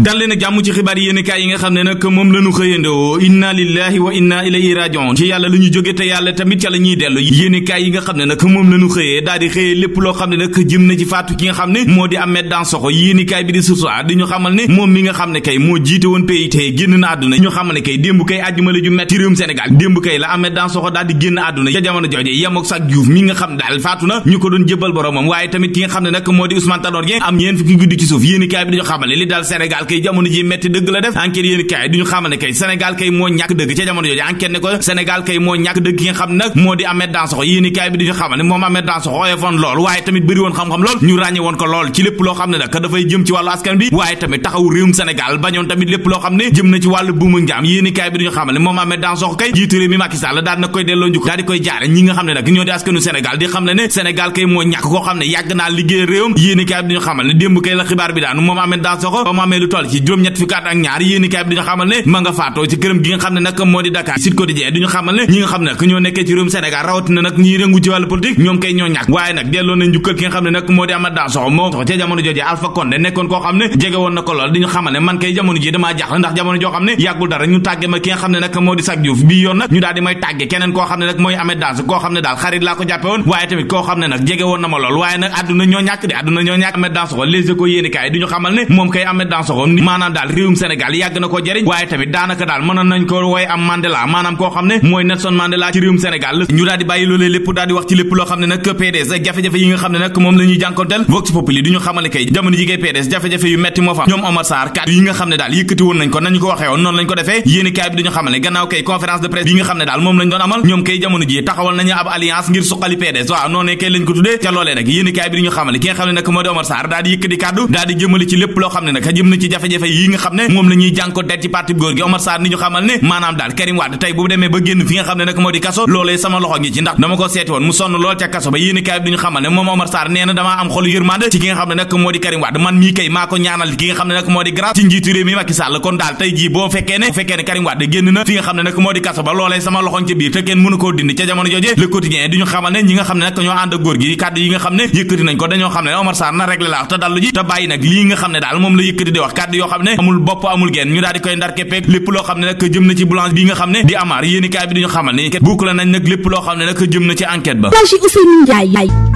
dal leen a jàmm ci xibaar yéen kaay yi nga xam ne nag moom la ñu xëyandoo inna lillahi wa inna ilayhi rajiun ci yàlla la ñu jóge te yàlla tamit ca la dellu yéen kaay yi nga xam ne nag moom la ñu xëyee daal di xëyee lépp loo xam ne nag jëm na ci faatu ki nga xam ne moo di Ahmed Dansokho yéen kaay moom mi nga xam ne kay moo jiite woon PIT génn na àdduna ñu xamal ne kay démb kay àjjuma la ju metti ci réewum Sénégal démb kay la Ahmed Dansokho daal di génn àdduna ca jamono jooje yem na moo ñu daal Sénégal kay jamono ji metti dëgg la def enquête yéen kay bi du xamal ne kay moo ñàkk koo xam ne yàgg naa liggéey réewam yéen kaay bi du xamal ne démb kay la xibaar bi daanu moom Mohamed Dansokho moomee lu toll ci juróom-ñett fukki ak ñaar yéenekaay bi duñu xamal ne ma nga faatoo ci këram ki nga xam ne nag moo di Amath Dansokho bii yoon nag ñu daal may tàgge keneen koo xam ne nag mooy Amath Dansokho koo xam ne daal xarit laa ko jàppe woon waaye tamit koo xam ne nag jege woon na ma lool waaye nag àdduna ñoo ñàkk de àdduna ñoo ñàkk Amath Dansokho les éco yéenekaay duñu xamal ne moom kay Ahmed Dansokho ni maanaam daal réewum Sénégal yàgg na ko jëriñ waaye tamit daanaka daal mënoon nañ ko wooye am Mandela maanaam koo xam ne mooy Nelson Mandela ci réewum Sénégal ñu daal bàyyi loolee lépp daal wax ci lépp loo xam kay jamono ji kay PDS jafe-jafe yu metti moo fa ñoom Omar Sarr kàddu yi nga xam ne daal yëkkati woon nañ ko nañu ko waxee noonu lañ ko defee yéeni kaay bi dañu xamal gannaaw kay conférence de presse bi nga xam lépp xam ne nag jëm ci jafe-jafe yi nga xam ne moom la ñuy jànko det ci parti góor gi Omar Sarr ni ñu xamal ne moom di kaso ba loolee sama loxo ngi biir te kenn mënu koo dindi ca jamono jooje le quotidien duñu xamal ne ñi nga xam ne nag ñoo ànd ak góor gi kàddu yi nga xam ne yëkkati nañ ko dañoo xam ne Omar Sarr na réglé la te dallu ji te bàyyi nag lii nga xam ne daal moom la yëkkati di wax kàddu yoo xam ne amul bopp amul genn ñu daal di koy ndar keppeeg lépp loo xam ne nag jëm na ci blanche bi nga xam ne di amaar yéenikaay bi duñu xamal ni boucle nañ nag lépp loo xam ne nag jëm na ci enquête ba